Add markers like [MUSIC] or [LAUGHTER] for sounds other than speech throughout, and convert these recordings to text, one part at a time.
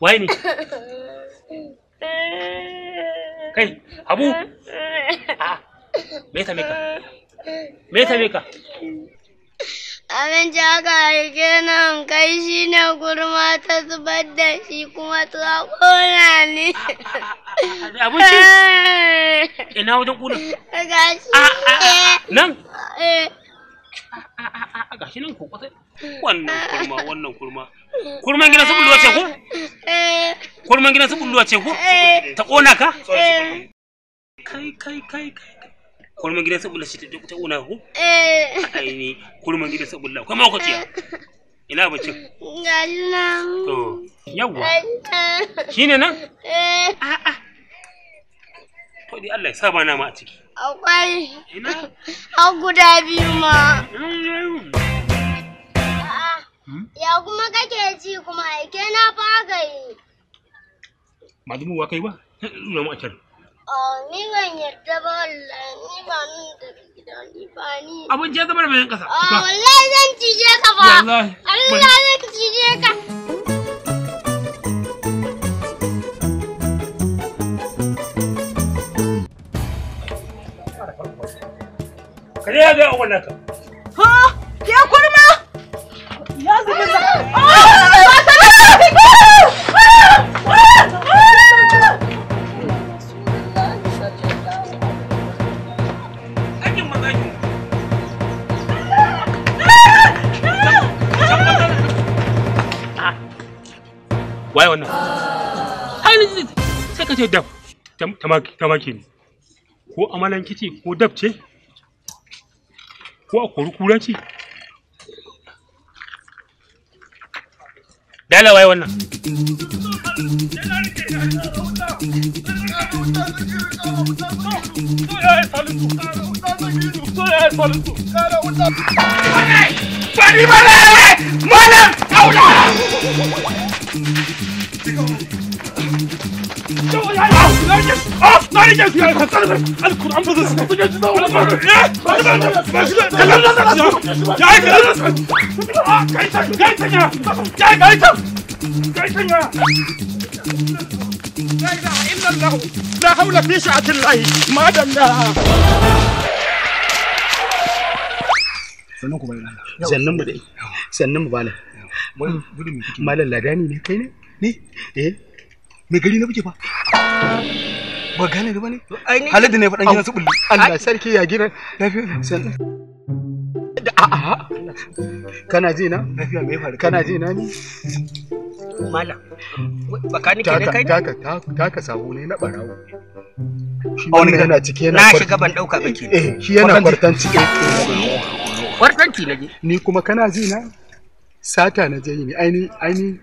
waye ne kai abu ah, me same ka me same ka abinci aka harke nan kai shi ne gurma ta zubar da shi kuma ta kona ne abinci ina wajen ah, ah, ne. nan eh. shi nan ko kwata wannan kurma wannan kurma eh. kurman gina sun buluwa ce ko kurman gidan su bulluwa ce ko eh. ta kona ka eh. kai kai kai kai kurman gidan su bulluwa ce ta kona ko eh. ai ne kurman gidan su bulluwa kai ma ko ciya ina bacin gallan to yawa shine nan a a to dai Allah ya saba na ma a ciki akwai ina har guda biyu ma ba zumu wa kai ba nuna mu a can ni ban yarda ba wallahi ni ba nan da gida ni ba ni abun je zama da bayan kasa wallahi zan cije ka ba wallahi Allah zan cije ka Kare ya ga wannan ka. aka ce dab tamaki ne ko amalanki ce ko dab ce ko a kori kura dala waye wannan Bari bari malam aula Nein, ich jetzt! Alle Kur'an besitzt! Ja, ich Sannan mu dai, sannan mu bala. Malam ladani ne kai ne? mai gari na buke fa ba gane ba ne? halar da na faɗan gina su bulli Allah sarki ya gina. lafiya da a'a kana ji na lafiya me faru kana ji na ni malam bakani ke kai taka taka sabo ne na barawo A wani yana cike na shiga ban dauka baki. eh shi yana kwartanci kwartanci naje ni kuma kana ji na sata na je ni aini aini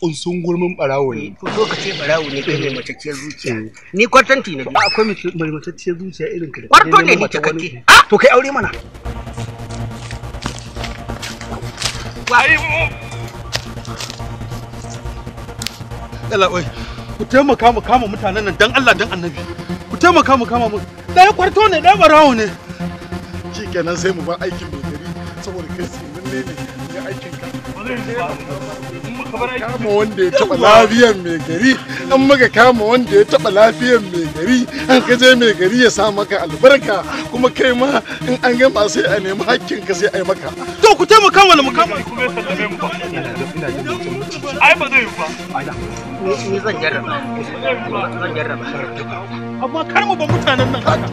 kunsun gurmin barawo ne. ko ka ce barawo ne kai mai matacciyar zuciya. Eh. Ni kwatanti ne. Ba akwai mai matacciyar zuciya irin ka. Kwarto ne ni cikakke. Ah! To kai aure mana. Wai mu. Yalla oi. Ku taimaka mu kama mutanen nan dan Allah dan Annabi. Ku taimaka mu kama mu. Dai kwarto ne ɗaya barawo ne. Shi kenan sai mu ba aikin mai gari saboda kai sai mun ne ne aikin ka. kama wanda ya taba lafiyan mai gari an maka kama wanda ya taba lafiyar mai gari an ya sa maka albarka kuma kai ma in an gama sai a nemi hakkin ka sai a yi maka to ku taimaka mu kama a yi mu ba ai ba zai yi ba ni zan zan amma kar mu ba mutanen nan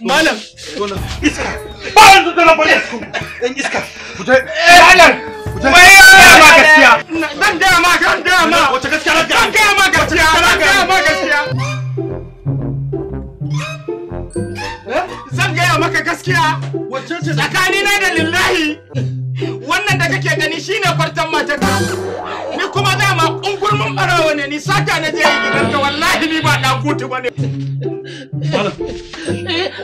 Malam. Iska. Ba da lambar iska. malam iska. Fita. Malam! ma gaskiya. zan da ma ma. Wace gaskiya na ga. ma gaskiya. zan da ma gaskiya. Eh? Zan gaya maka gaskiya. Wace ce tsakanina da lillahi. Wannan da kake gani shine kwartan matarka. Ni kuma dama ungurmin bara ni sata na je gidan ka wallahi ni ba da kuti bane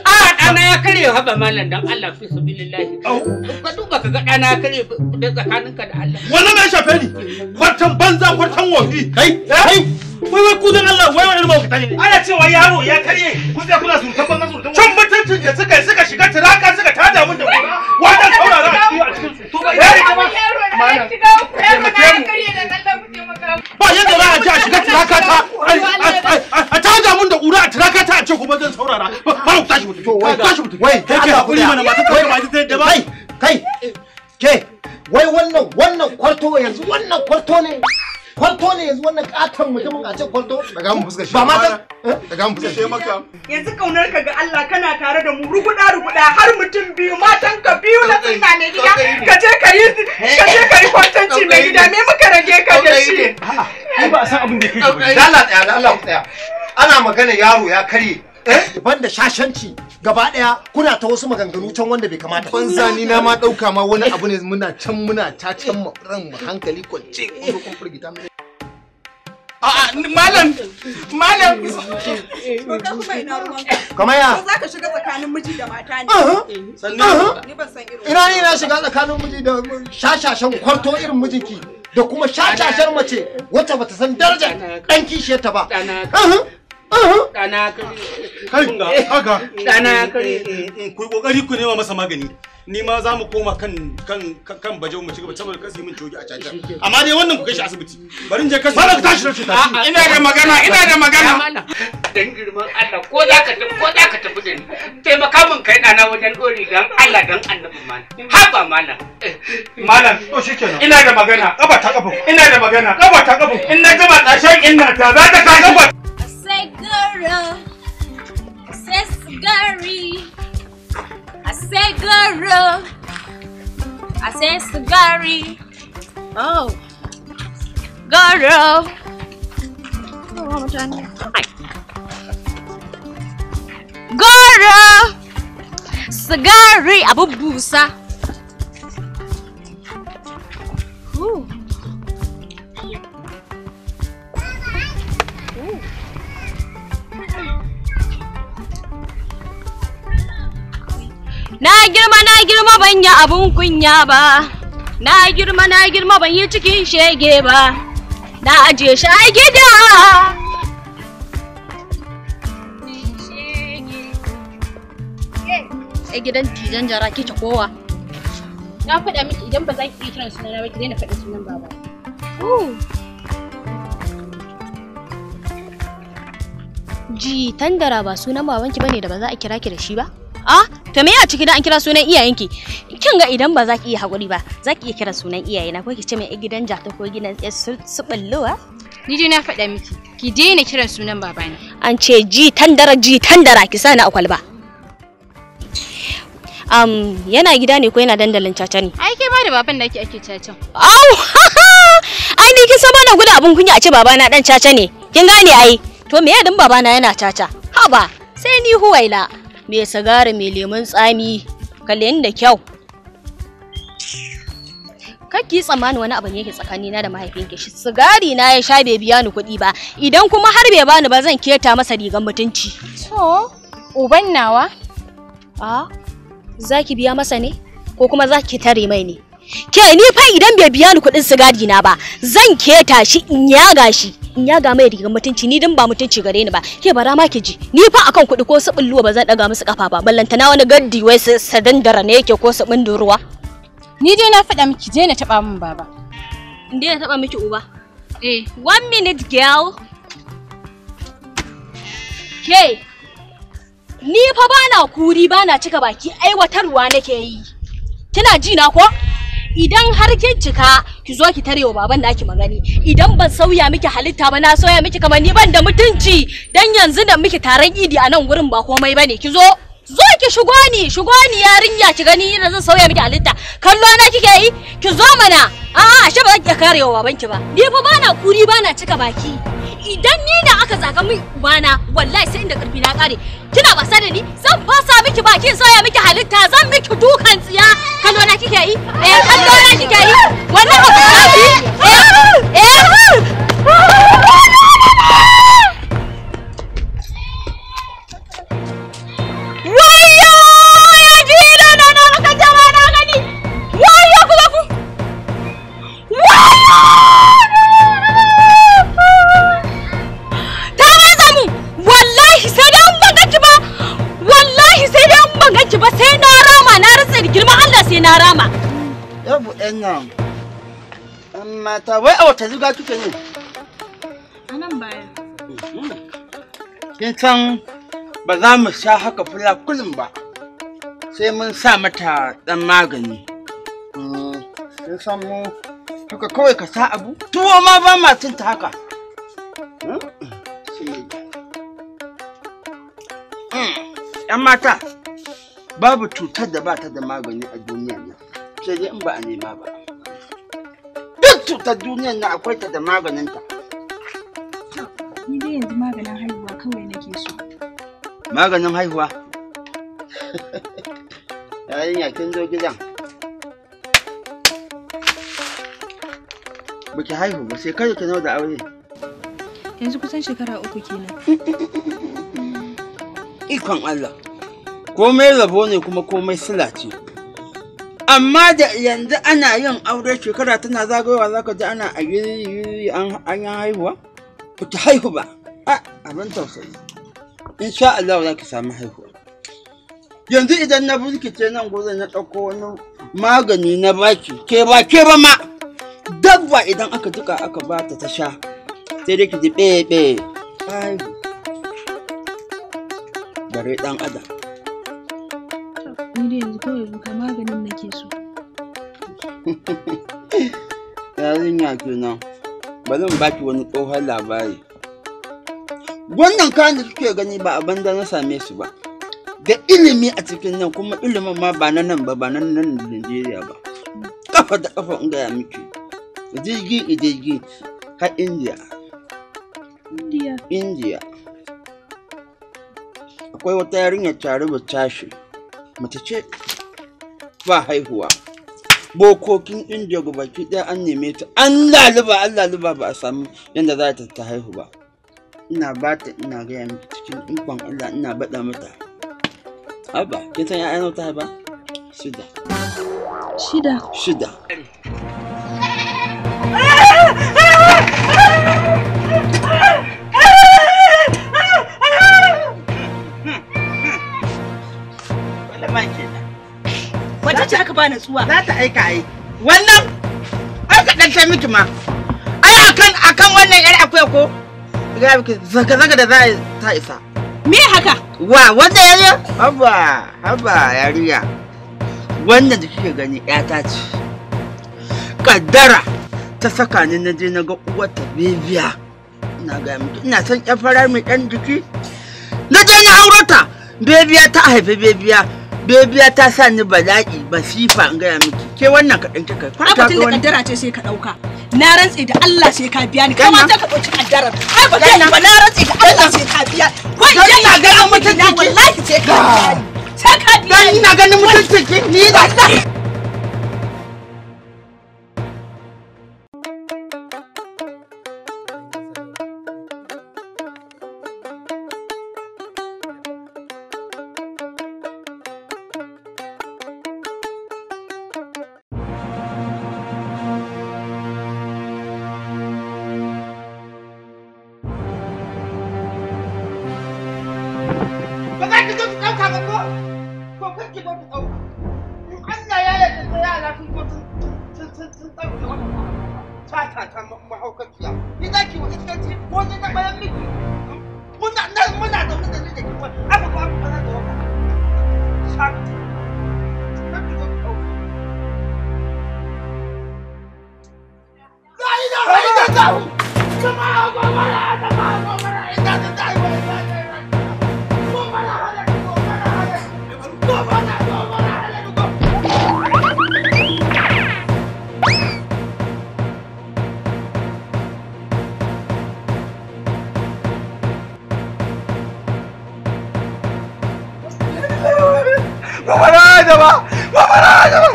a dana ya kare haba malam dan Allah fi sabilillahi ka duba ka ga dana ya kare da tsakaninka da Allah wannan mai shafe ni kwartan banza kwartan wofi kai kai wai wai ku dan Allah wai wani mawuka ne ana cewa yaro ya karye ku sai kuna surtan banza surtan can mutuncin da suka suka shiga turaka suka tada mun da wani ba yadda za a ce a shiga tirakata a caja mun da ƙura a tirakata a ce kuma zan saurara ba ku tashi mutum tashi mutum wai kai kai hakuri mana ba ta kawai ba ta yadda ba kai ke wai wannan wannan kwarto yanzu wannan kwarto ne kwalto ne yanzu wannan katon mutumin a cikin kwalto daga gamu fuskar shi ba ma ta daga mu eh? fuskar shi maka yanzu kaunar ka ga Allah kana tare da mu ruguda ruguda har mutum biyu matan ka biyu na tsina ne gida ka je ka yi ka je ka yi kwantanci mai gida me muka rage ka da shi ba a san abin da ke yi dala tsaya dala tsaya ana magana yaro ya karye Eh? ban da shashanci gaba daya kuna ta wasu maganganu can wanda bai kamata ban zani na ma dauka ma wani abu ne muna can muna ta can ran mu hankali kwance ko kun furgita mu A'a, malam, malam. Kama ya? Ko za ka shiga tsakanin miji da mata ne. Uh-huh. Sannan uh-huh. ni ban san irin. Ina ne na shiga tsakanin miji da shashashan kwarto irin mijinki da kuma shashashar mace wacce bata san darajar kishiyar ta ba. Ɗana kai, haka. Ɗana kai. Eh, eh, eh, ku yi nema masa magani. Ni ma za mu koma kan kan kan baje mu cigaba kasi min a Amma dai wannan ku kai shi asibiti. Bari in je kasi. ku tashi da Ina da magana, ina da magana. Dan girman Allah ko za ka tafi ko za ka tafi da ni. Taimaka min kai wajen dan Allah dan annabi mana. mana. Malam. To shikenan. Ina da magana. ta Ina da magana. ta In na gama ta za ta Asegoro, Asesgari, Asegoro, Asesgari. Oh, Goro. Oh, I'm trying to. girl, Goro, Sagari, Abubusa. Na girma na girma ban yi abun kunya ba. Na girma na girma ban yi cikin shege ba. Na aje shi a gida. Ai gidan tijan jara ke kowa. Na faɗa miki idan ba za ki iya kiran sunana ba ki daina faɗa sunan baba. Ji tandara ba sunan babanki bane da ba za a kira ki da shi ba? Ah, to me ya ciki da an kira sunan iyayenki kin ga idan ba za ki iya haƙuri ba za ki iya kira sunan iyayena ko ki ce mai gidan jata ko gidan su ballowa ni dai na faɗa miki ki daina kiran sunan babana an ce ji tandara ji tandara ki sani a kwalba um, yana gida ne ko yana dandalin caca ne ai ke ba da baban da ake ake caca au ai ni kin san bana gudu abun kunya a ce babana dan caca ne kin gane ai to me ya baba babana yana caca haba sai ni huwaila mai sigari mai lemon tsami kalli da kyau kake tsammanin wani abu ne yake tsakani na da mahaifinki shi sigari na ya sha bai biya ni kuɗi ba idan kuma har bai bani ba zan keta masa rigan mutunci to uban nawa a zaki biya masa ne ko kuma zaki tare mai ne ke ni fa idan bai biya ni kuɗin sigari na ba zan keta shi in yaga shi in ya ga mai rigar mutunci ni dan ba mutunci gare ni ba ke bara ma ki ji ni fa akan kuɗi ko su bulluwa ba zan daga musu kafa ba ballantana wani gaddi wai su sadandara ne yake ko su bindin ruwa ni dai na faɗa miki je na taɓa min baba in dai na taba miki uba eh one minute girl ke ni fa bana kuri bana cika baki aiwatarwa nake yi kina ji na ko idan har kin cika ki zo ki tarewa baban naki magani idan ban sauya miki halitta ba na sauya miki kamar ni ban da mutunci dan yanzu da miki taron idi a nan gurin ba komai bane ki zo zo ki shigo ni shigo ni yarinya ki gani ina zan sauya miki halitta kallo na kike yi ki zo mana a'a ashe ba zan iya karewa babanki ba ni fa bana kuri bana cika baki idan ni da aka zaga min ubana wallahi sai inda karfi na kare kina wasa da ni zan fasa miki bakin soya miki halitta zan miki dukan tsiya kallo na kike yi eh kallo na kike yi wannan abu eh eh babu yan. Mata wai a wata zuga kike ne? A nan baya. Kin san ba za mu sha haka fula kullum ba. Sai mun sa mata dan magani. Hmm, kin san mu haka kawai ka sa abu? Tuwo ma ba ma cinta haka. ‘Yan hmm, hmm, mata, babu cutar da ba ta da magani a duniya nan. ce dai in ba a nema ba duk cutar duniyar na akwai ta da maganinta ni dai yanzu maganin haihuwa kawai nake so maganin haihuwa yarinya kin zo gidan baki haihu ba sai kada ka nau da aure yanzu kusan shekara uku kenan ikon Allah komai rabo ne kuma komai sila ce amma da yanzu ana yin aure shekara tana zagayowa za ka ji ana a yi an yi haihuwa ku ta haihu ba a abin tausayi in sha Allah za ka samu haihuwa yanzu idan na bulkice nan gudun na ɗauko wani magani na baki ke ba ke ba ma dabba idan aka duka aka ba ta ta sha sai dai ki ji ɓeɓe. ɗan adam ni dai yanzu kawai buka maganin nake so nan, ba zan ba baki wani tsohon labari wannan kayan da suke gani ba a banza na same su ba da ilimi a cikin nan kuma ilimin ma ba na nan ba ba na nan Najeriya ba kafa da kafa in gaya miki jirgi jirgi har India India India akwai wata yarinya tare ba tashi mace ce ba haihuwa bokokin indiya ga baki ɗaya an neme ta an laluba an laluba ba a samu yadda za ta ta haihu ba ina ba ta ina gaya miki cikin ikon allah ina baɗa mata Abba kin san ya'yan ta haifa shida shida shida Wace ce aka bani tsuwa? Za ta aika ai. Wannan ai ka dan kai miki ma. Ai akan akan wannan yar akwai ko? Ga miki zaka zaka da za ta isa. Me haka? Wa wannan yariya? Haba haba yariya. Wannan da kike gani ƴata ce. Kaddara ta saka ni na je na ga uwarta Bibiya. Ina ga miki ina son ƴan farar mai ɗan jiki. Na je na aurata. Bebiya ta haifi bebiya bebiya ta sa ni bala'i basifa in gaya miki ke wannan kaɗan ta kai kaddara ce sai ka ɗauka na rantse da Allah sai ka biya ni ta ka ɗauki kaddarar ai ba kai ba na rantse da Allah sai ka biya ko in na ganin mutunci wallahi sai ka biya ah. sai ka biya ni na ganin mutunci ni da gaba ba fara gaba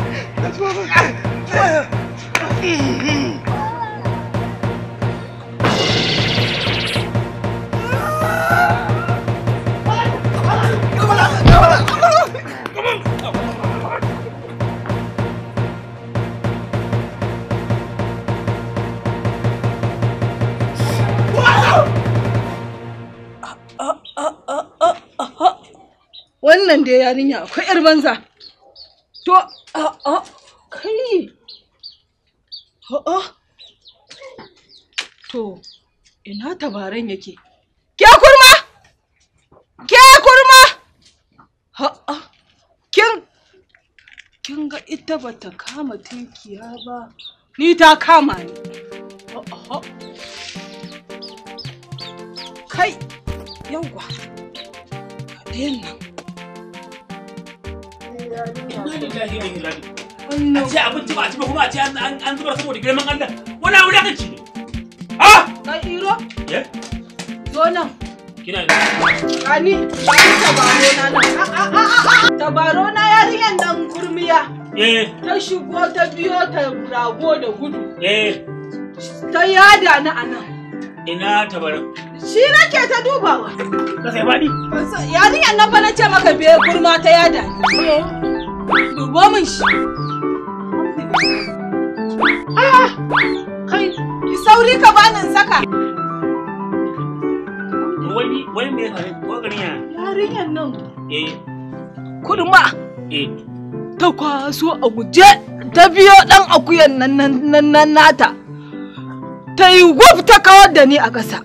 wannan dai yarinya akwai 'yar banza A'a, ah, ah, kai! A'a! Ah, to, ina tabaran yake? Ke kurma! Ke kurma! A'a! Kin, kin ga ita bata kama tunkiya ba, ni ta kama ni. A'a! Kai, yawwa, ka nan. Inna lillahi wa inna ilaihi. A ce abinci ba a ci ba kuma a ce an zubar saboda girman Allah. Wani abu da kanci ne. Ah! Ka iro? Ye? Zo nan. Kina da. Ani, ani tabaro na nan. Ah, ah, ah, tabaro na yarinyan nan kurmiya. Eh. Ta shigo ta biyo ta rago da gudu. Eh. Ta yada na anan. Ina tabarau. Shi nake ta dubawa. Ka sai faɗi. Yarinyar nan fa na ce maka biye kurma ta ya nan. Eh. Eh. Ta kwaso a guje ta biyo dan akuyan nan nan nata. Ta yi wuf ta kawar da ni a ƙasa.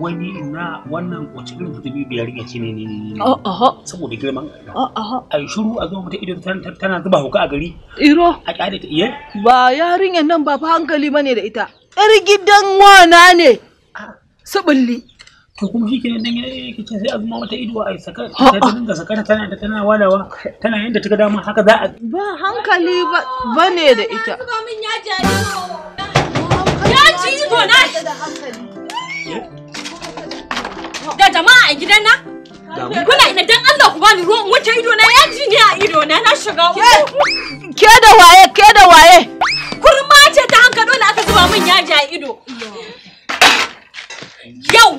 wani na wannan wace irin kutubi biyar ya ce ne ne ne ne oh, oh, oh. saboda girman a yi shuru a zo mata ido tana zuba hauka a gari iro a kyale ta iya ba yarinyar nan ba fa hankali ne da ita yar gidan wana ne sabulli to kuma shi kenan dan yake ce sai a azuma mata ido a yi saka ta dinga ta tana da tana walawa tana yanda ta ga dama haka za a ba hankali ba ne da ita ya ji ido na jama'a a gidan nan? Kuna ina dan Allah ku bani ruwan wuce ido na yaji ne a ido na na shiga Ke da waye ke da waye? Kurma ce ta hanka dole aka zuba min yaji a ido. Yau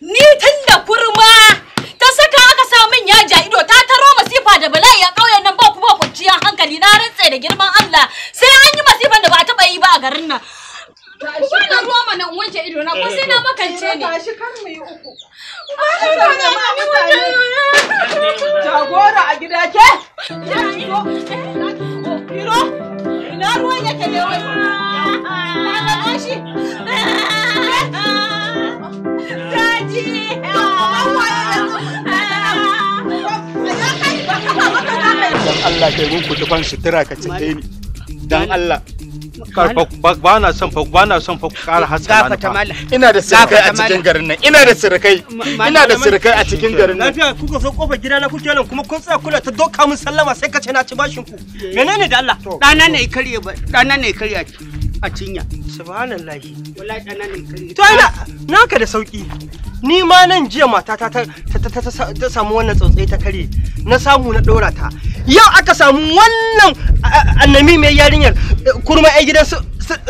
ni tun da kurma ta saka aka sa min yaji a ido ta taro masifa da bala'i a ƙauyen nan ba kuma hankali na rantse da girman Allah sai an yi masifan da ba a taɓa yi ba a garin nan. Wannan ruwa mana in wanke ido na ko sai na makance ne. Tashi kar mu uku. Ba na so ne ma mutane. Jagora a gida ke. Iro. Ina ruwan yake ne wai. Ba na tashi. Daji. Allah kai mun kuɗi sutura ka cike ni. Dan Allah. ba son fa ba na son fa ƙara hasala ina da sirkai a cikin garin nan ina da sirkai ina da sirkai a cikin garin nan lafiya kuka zo kofar gida na kuke nan kuma kun tsaya kula ta doka mun sallama sai ka ce na ci bashin ku menene da Allah dana ne ba dana ne a cinya subhanallahi wallahi dana ne to ina naka da sauki ni ma nan jiya matata ta ta samu wannan tsotsai ta kare na samu na dora ta yau aka samu wannan annami mai yarinyar kurma ai gidan su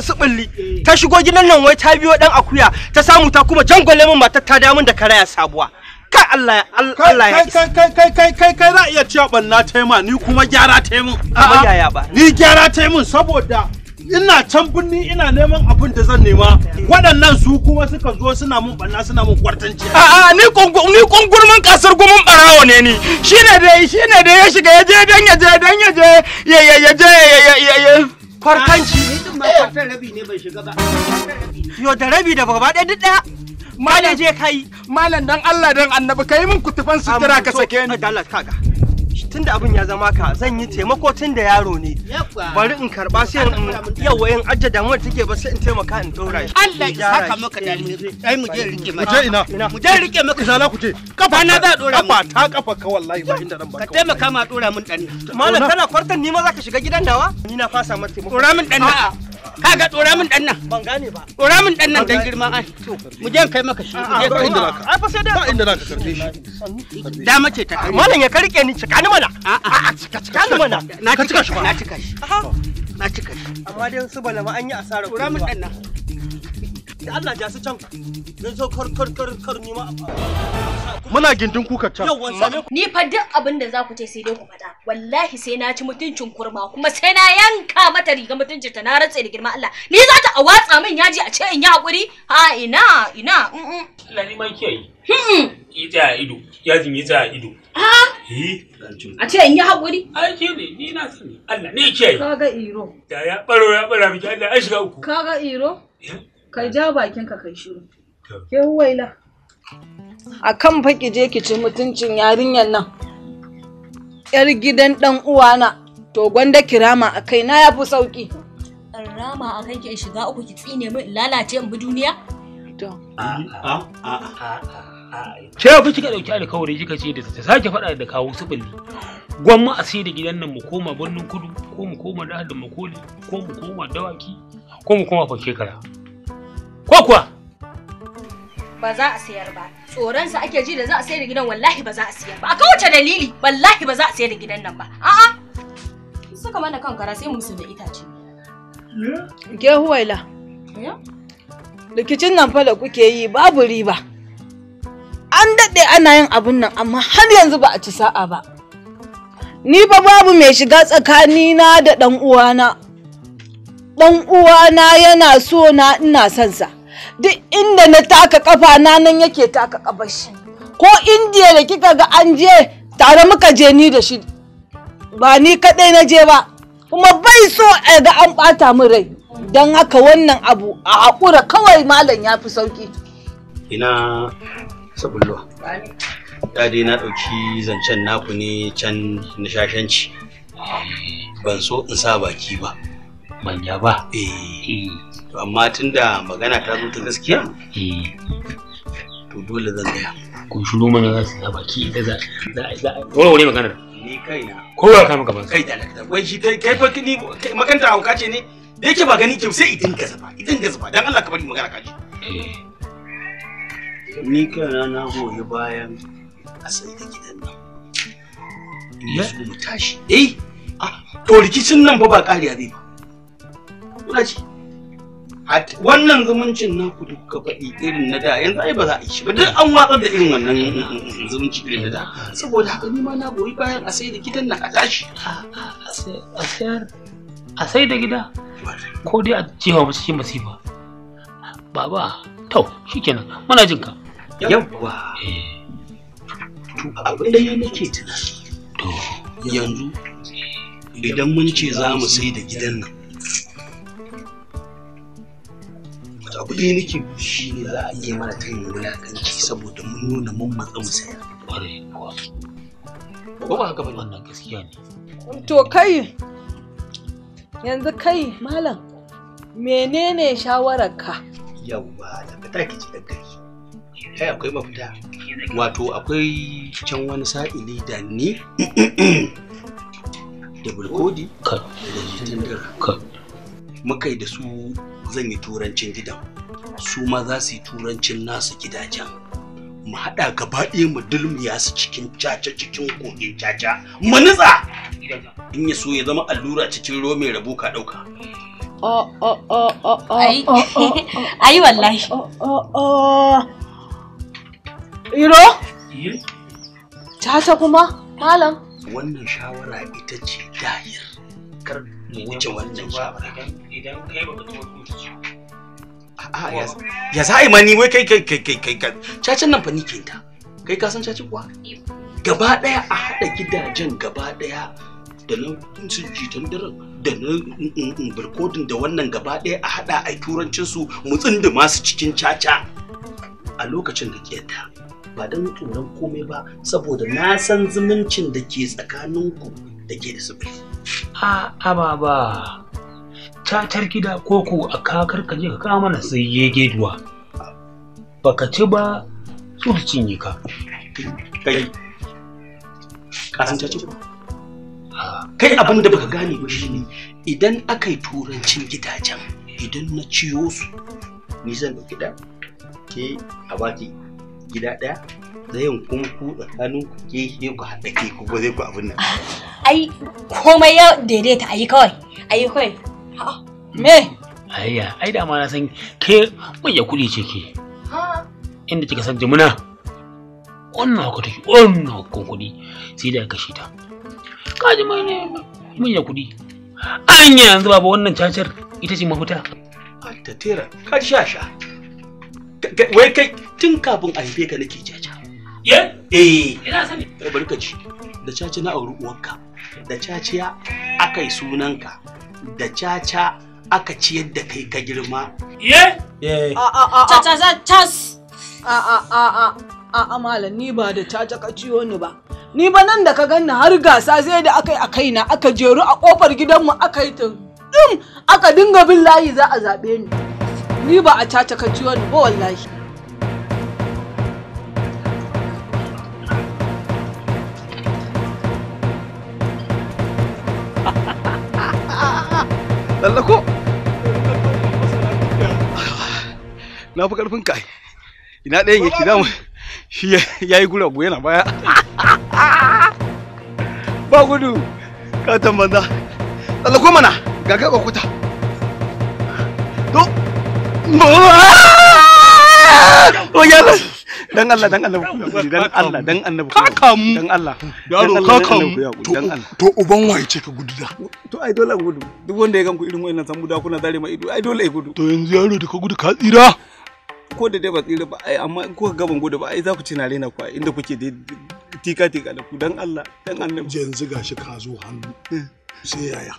su bulli eh. ta shigo gidan nan wai ta biyo dan akuya ta samu ta kuma jangwale min matar ta damun da karaya sabuwa kai Allah ya Allah ya kai kai kai kai kai kai za iya cewa banna ta ni kuma gyara ta yi min ni gyara ta yi min saboda ina can binni ina neman abin da zan nema waɗannan su kuma suka zo suna mun banna suna mun kwartanci a'a ni ni kungurmin kasar gumin barawo ne ni shine da shine da ya shiga yaje dan yaje dan yaje ya ya ya ya ya kwartanci yo da rabi da gaba ɗaya duk ɗaya malam je kai malam dan Allah dan annabi kai min kutufan sutura ka sake ni Allah kaga tun da abin ya zama ka zan yi taimako tun da yaro ne bari in karba sai in yawa in ajja damuwar take ba sai in taimaka in dora shi Allah ya saka maka da eh, ai mu je rike maka je ina mu je rike maka zala ku je kafa na za dora kafa ta kafa ka wallahi ba inda ran ba ka taimaka ma dora mun dani malam kana kwartan ni ma zaka shiga gidan dawa ni na fasa mata taimako dora mun dani a'a kaga dora min dan nan ban gane ba dora min dan nan dan girma ai mu je kai maka shi mu je kai inda naka ai fa sai da inda naka karbe shi da mace ta kai mallan ya karke ni cika ni mana a a cika cika ni mana na cika shi na cika shi na cika shi amma dai su balama an yi asara dora min dan nan Allah ja su can kar kar kar kar ni ma muna gindin kuka can ni fa duk abin da za ce sai dai ku faɗa wallahi sai na ci mutuncin kurma kuma sai na yanka mata riga mutuncin ta na rantse da girma Allah ni za ta a watsa min yaji a ce in yi hakuri ha ina ina Allah ni ma yi ki ta ido yajin yi ta ido eh? a ce in yi hakuri. Aiki ne, ni na sani. Allah ne ke. Kaga iro. Da ya baro ya ɓara miki Allah ya shiga uku. Kaga iro? Eh? Kai ja bakinka kai shiru. Ke waila. A kan fa je ki ci mutuncin yarinyar nan. Yar gidan dan uwana to gwanda kirama a kai na yafi sauki. In rama a kai ki shiga uku ki tsine min lalace in bi duniya? To. A'a a'a ke fi kika dauki alkawari kika ce da ta sake faɗa da kawo sufuri gwamma a sai da gidan nan mu koma birnin kudu ko mu koma da mu koli ko mu koma dawaki ko mu koma fakekara ko kuwa ba za a sayar ba tsoron sa ake ji da za a sayar da gidan wallahi ba za a sayar ba a kawace dalili wallahi ba za a sayar da gidan nan ba a'a suka mana kan kara sai musu da itace hmm? ke huwaila rikicin nan fa da kuke yi babu riba an daɗe ana yin abun nan amma har yanzu ba a ci sa'a ba ni ba babu mai shiga tsakanina da ɗan uwana ɗan uwana yana so na ina son sa duk inda na taka kafa na nan yake taka kafar shi ko indiya da kika ga an je tare muka je ni da shi ba ni kadai na je ba kuma bai so a ga an bata min rai don haka wannan abu a hakura kawai malam ya fi sauki ina sabullo da dai na ɗauki zancen naku ne can nishashanci ban so in sa baki ba manya ba eh, eh. to amma tunda magana ta zo ta gaskiya eh. to dole zan gaya kun shiru mana za su baki da za a warware maganar ni kaina kowa ka maka ban kai talaka wai shi kai fa ni makanta hauka ce ne da yake ba gani kyau sai idan ka zaba idan ka zaba dan Allah ka bari magana kaji eh. ni kaina na goyi bayan a sai da gidan nan ya mu tashi eh ah, to rikicin nan fa ba kariya zai ba kuna ci wannan zumuncin naku ku duka faɗi irin na da yanzu ai ba za a yi shi ba duk an watsar da irin wannan mm, mm, mm, zumunci irin na da saboda haka ni ma na goyi bayan a sai da gidan nan a tashi a a sai da gida ko dai a cewa ba cikin masifa baba to shikenan muna jinka. ka yawwa eh. abin da ya nake tunani to yanzu idan mun ce za mu sai da gidan nan abu ɗaya nake shi ne za a iya mana tayin wulaƙanci saboda mun nuna mun matsa mu saya. Ƙwarai kuwa. Ko ba haka ba wannan gaskiya ne. To kai yanzu kai malam menene shawararka? Yawwa daga ki ce ɗan kai Kai akwai mafita wato akwai can wani sa'ili da ni [COUGHS] da bulkodi da litin muka yi da su zan yi turancin gidan su ma za su yi turancin nasu gidajen mu haɗa gaba ɗaya mu dulmiya su cikin caca cikin kogin caca mu nutsa in ya so ya zama allura cikin ruwa mai rabo ka ɗauka ayi wallahi iro caca kuma malam wannan shawara ita ce dahir kar mu wuce wannan shawara idan kai ba ka ya za a yi ni wai kai kai kai kai kai cacin nan fa ni ta kai ka san cacin kuwa gaba daya a haɗa gidajen gaba daya da na su jitan daren da na mm, mm, mm, da wannan gaba daya a haɗa a turancin su mutsin da masu cikin caca a lokacin da ke ta ba don tsoron komai ba saboda na san zumuncin da ke tsakaninku da ke da sufuri a ba ba cacar gida ko ko a kakar ka je ka kama na sai ya geduwa baka ci ba su cinye ka kai kasan ta kai abin da baka gane ba shine idan aka yi turancin gidajen idan na ciyo su ni zan ɗauki da ke a baki gida ɗaya zai kun ku tsakanin ku ke shi ku haɗa ke ku ba zai ku abin nan ai komai ya daidaita ayi kawai ayi kawai Me? Ayya, ai da ma na san ke manya kuɗi ce ke. Inda kika san jimina. Wannan haka take, wannan haka kuɗi sai da kashe ta. Ka ji manya kuɗi. An yanzu babu wannan cacar ita ce mafita. Ta tera, ka sha sha. Wai kai tun kafin a haife ka nake caca. Ye? Eh. Ina sani. Barkaci, da caci na auri uwarka, da caciya aka yi sunanka. da caca aka ciyar da kai ka girma. Ye? Ye. Caca tas. A a a a a a malam ni ba da caca ka ciyo ni ba. Ni ba nan da ka ganni har gasa sai da aka yi a kaina aka jeru a kofar gidanmu aka yi tun. Aka dinga bin layi za a zaɓe ni. Ni ba a caca ka ciyo ni ba wallahi. Lallako. Na fi karfin kai. Ina ɗayan yake damu. Shi ya yi gurabu yana baya. Ba gudu. Katon banza. Lallako mana ga gaba kuta. To. Oh, yeah. dan Allah dan Allah dan Allah dan annabi ka dan Allah yaro ka kamu dan Allah to uban waye ce ka gudu da to ai dole gudu duk wanda ya ganku irin wayannan san da kuna zare mai ido ai dole ai gudu to yanzu yaro da ka gudu ka tsira ko da dai ba tsira ba ai amma ko ga gaban gudu ba ai za ku ci na rena ku inda kuke dai tika tika da ku dan Allah dan annabi yanzu gashi ka zo hannu eh. sai yaya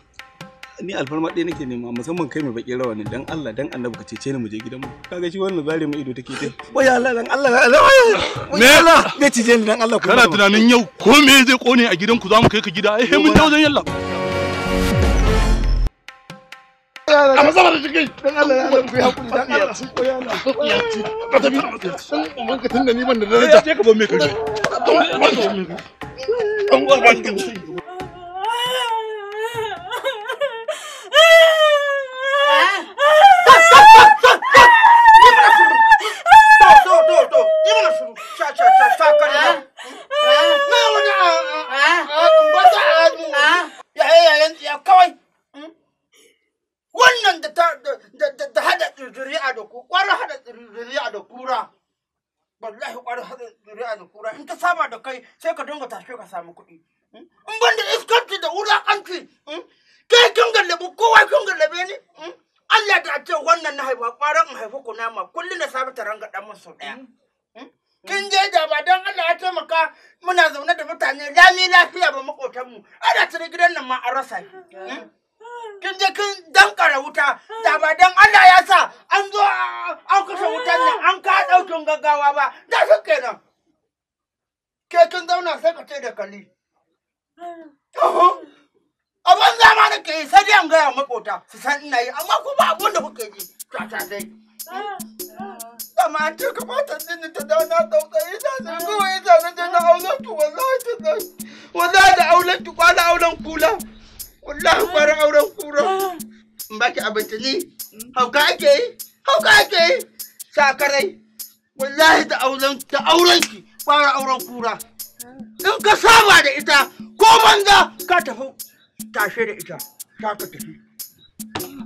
ni alfarma ɗaya nake nema musamman kai mai baƙin ne dan Allah dan annabi ka cece ni mu je mu kaga shi wannan zare mu ido take ta wai Allah dan Allah me Allah me cece ni dan Allah ku kana tunanin yau ko me zai kone a gidan za mu kai ka gida eh mun dawo zan yalla a maza da cikin dan Allah ya ku ya kuli dan Allah sun koya ka tafi mun ka tunda ni ban da daraja ka ban me ka dan uwa ban ka dinga tashe ka samu kuɗi hmm? in ban da iskanci da wulaƙanci hmm? kai kin gallabi kowa kin gallabe ni hmm? Allah da ce wannan na haifa ƙwarar in haifi kunama kullum da safe ta ranga ɗan musu ɗaya kin je da ba don Allah ya taimaka muna zaune da mutane lami lafiya ba maƙotanmu ana cire gidan nan ma an rasa kin je kin dankara wuta da ba dan Allah ya sa an zo an kashe wutan nan an ka ɗaukin gaggawa ba da shi kenan ke kin zauna sai ka ce da kali a banza ma ke yi sai dai an gaya makota su san ina yi amma kuma abun da kuke yi ta ta dai amma an ce ka fata din ta zauna tsautsayi ta ne kawai ita na je aulen ki wallahi ta zai wallahi da aulen ki kwana aulen kula wallahi kwana auren kura in baki abinci ni hauka ake yi hauka ake yi sakarai wallahi da aulen ki fara auren kura in ka saba da ita ko banza ka tafi tashe da ita ta ka tafi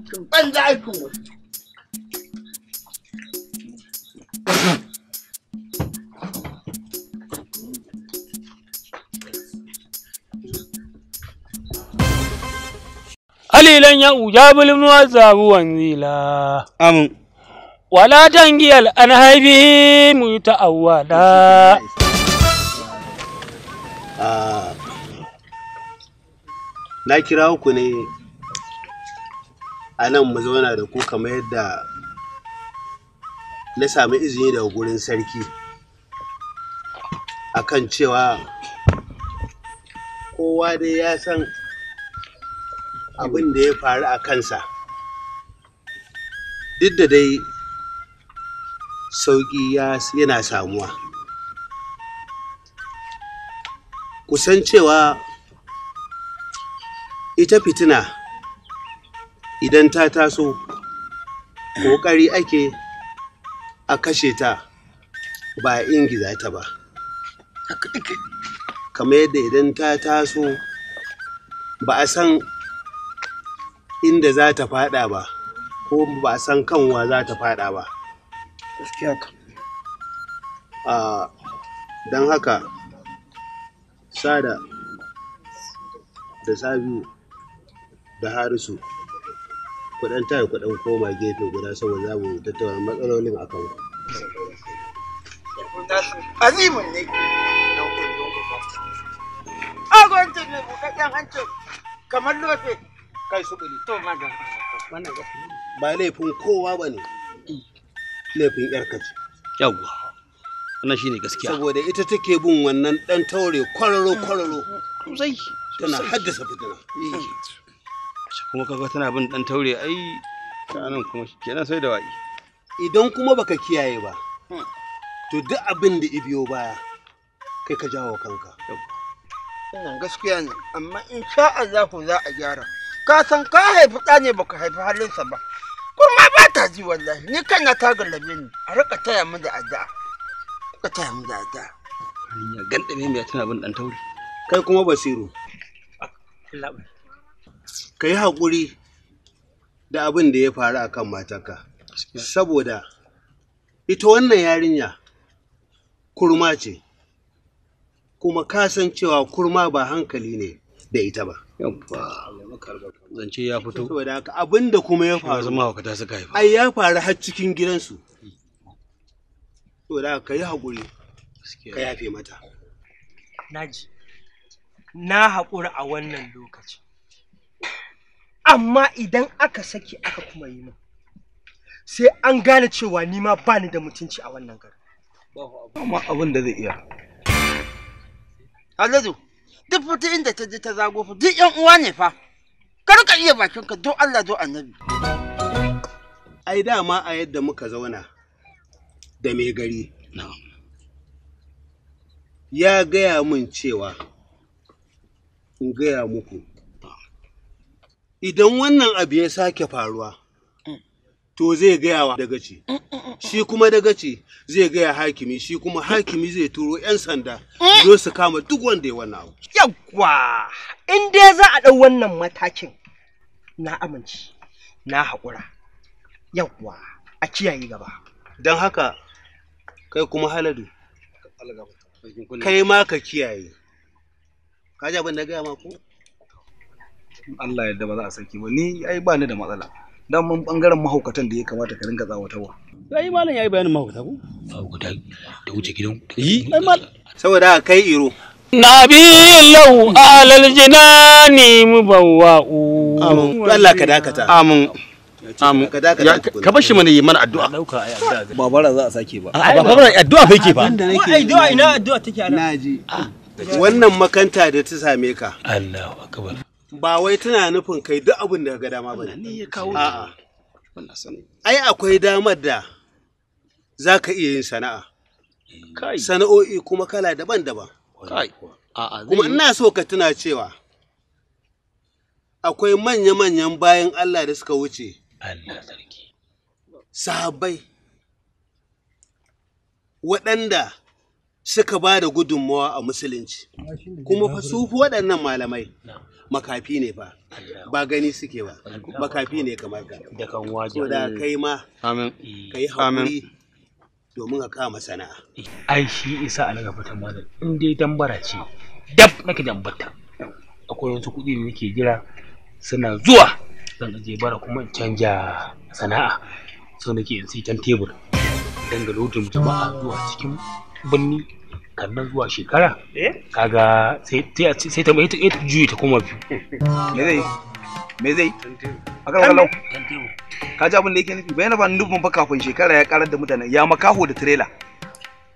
kin banza aikin wasu Alilan ya uja bulmuwa zabuwan zila. Amin. wala jangiyal an haifi mu ta awwala na kira ku ne a nan mu zauna da ku kamar yadda na sami izini daga gurin sarki akan cewa kowa dai ya san abin da ya faru a kansa duk da dai sauƙi yana samuwa kusan cewa ita fitina idan ta taso ƙoƙari ake a kashe ta ba a ingiza ta ba kamar yadda idan ta taso ba a san inda za ta fada ba ko ba a san kanwa za ta fada ba gaskiya a don haka sada da sabiu da harisu kuɗin taya kuɗin koma gefe guda saboda za mu tattauna matsalolin a kan azimin ne agon tunan bukakken hancin kamar lofe kai su to ba laifin kowa ba ne laifin yarka ce yawwa wannan ne gaskiya saboda ita take bin wannan ɗan taure kwararo kwararo sosai tana haddasa fitina kuma kaga tana bin ɗan taure ai nan kuma kenan sai da wa'i idan kuma baka kiyaye ba hmm. to duk abin da ibiyo baya kai ka jawo kanka wannan gaskiya ne amma in sha Allah za a gyara ka san ka haifi ɗa ne baka haifi halinsa ba kuma ba ta ji wallahi ni kaina ta gallabe ni a rika taya mu da adda ka taya mu da adda ya ganda ne mai tana bin dan tauri kai kuma basiru kai hakuri da abin da ya faru akan matarka saboda ita wannan yarinya kurma ce kuma ka san cewa kurma ba hankali ne da ita ba yawwa zance ya fito saboda haka abinda kuma ya faru zama haukata suka haifa ai ya faru har cikin gidansu saboda haka yi haƙuri ka yafe mata naji na haƙura a wannan lokaci amma idan aka saki aka kuma yi min sai an gane cewa ni ma ba ni da mutunci a wannan garin. Amma abin da zai iya. Alhaji, duk fita inda ta je ta zago fa duk yan uwa ne fa kar ka iya bakinka don Allah don annabi ai dama a yadda muka zauna da mai gari ya gaya min cewa in gaya muku idan wannan abu ya sake faruwa to zai gaya wa dagaci mm, mm, mm, shi kuma dagaci zai gaya hakimi shi kuma hakimi zai turo 'yan sanda zo eh. su kama duk wanda ya wannan abu yawwa in dai za a ɗau wannan matakin na amince na haƙura yawwa a kiyaye gaba don haka kai kuma haladu kai ma ka kiyaye ka ji abin da gaya ma ko Allah ya yarda ba za a saki ba ni ai ba ni da matsala dan mun bangaren mahaukatan da ya kamata ka rinka zawatawa. ai malam yayi bayanin mahaukata ko mahaukata da wuce gidan yi saboda kai iro nabilau alal jinani mubawwa'u Allah ka dakata amin ka bar shi mana yi mana addu'a ba bara za a sake ba ba bara addu'a fa yake ba addu'a ina addu'a take ana naji ah, wannan makanta da ta same ka Allahu akbar ba wai tana nufin kai duk abin da ga dama bane ne ya kawo a'a ai akwai damar da za ka iya yin sana'a sana'o'i kuma kala daban-daban kuma ina so ka tuna cewa akwai manya-manyan bayan Allah da suka wuce sahabbai waɗanda suka ba da gudunmawa a musulunci kuma fa su waɗannan malamai makafi ne fa ba gani suke ba makafi ne kamar ka da kan waje da mm. kai ma amin eh. kai hakuri domin ka kama sana'a eh. ai shi isa alaga fata malam in dai dambara ce dab nake dambata akwai wasu kuɗi da nake jira suna zuwa zan aje bara kuma in canja sana'a sau nake in sai can tebur dangalo jama'a zuwa cikin birni kannan zuwa shekara eh? kaga sai ta mai ta juyi ta koma biyu [LAUGHS] me zai me zai a kan ka ji abin da yake nufi bayan ba nufin fa kafin shekara ya karar da mutane ya makaho da trela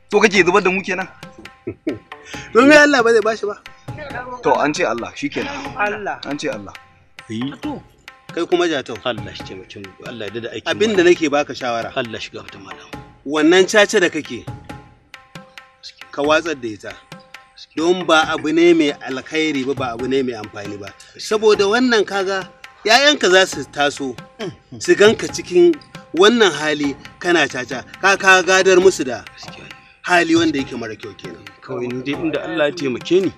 to kake zubar da mu kenan [LAUGHS] don me Allah ba zai bashi ba to an ce Allah shikenan Allah an ce Allah to kai kuma jatau Allah shi ke mutum Allah da aiki abinda nake baka shawara Allah shi gafarta malam wannan caca da kake ka watsar da ita don ba abu ne mai alkhairi ba ba abu ne mai amfani ba saboda wannan kaga ‘ya'yanka za su taso su ganka cikin wannan hali kana caca ka ka gadar musu da hali wanda yake mara kyau kenan kawai inda Allah ya taimake ni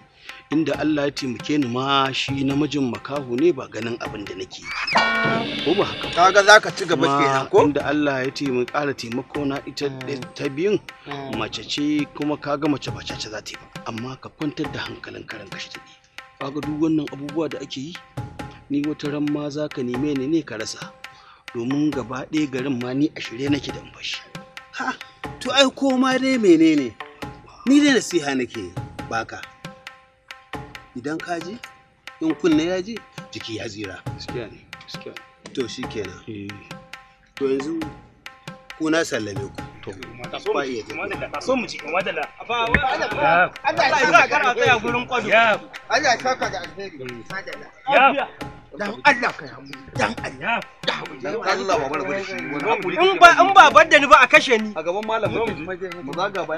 inda Allah ya taimake ni ma shi namijin makahu ne ba ganin abin da nake yi ko ba haka kaga zaka ci gaba kenan ko inda Allah ya taimake ƙara taimako na ita hmm. ta biyun hmm. mace ce kuma kaga mace ba ce za ta yi ba amma ka kwantar da hankalin karan kashi ta kaga duk wannan abubuwa da ake yi ni wata ran ma za ka neme ni ne ka rasa domin gaba ɗaya garin ma ni a shirye nake da bashi ha to ai koma dai menene ni dai nasiha nake baka idan ka ji in kunne ya ji jiki ya tsira to shi kenan eh. to yanzu ku sallame ku to ba mm. Allah ba in ba in bar da ni ba a kashe ni a gaban malamin mu zaga ba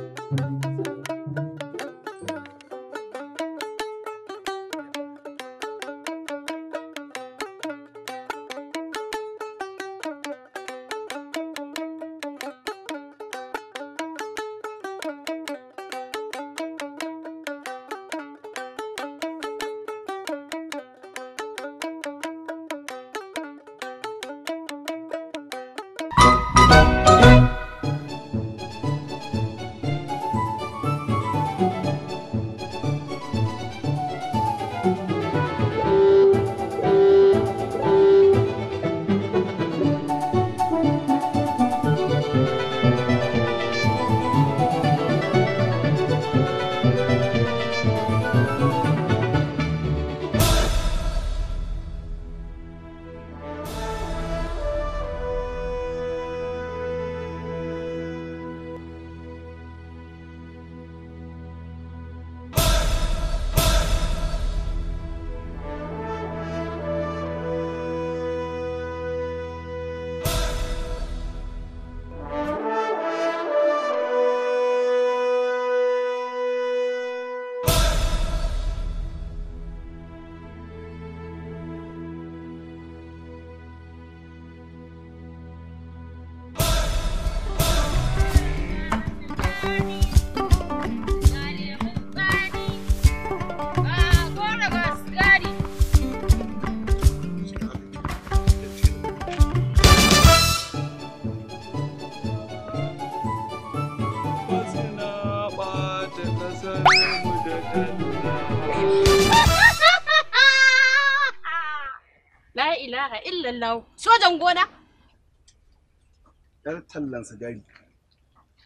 tallan sigari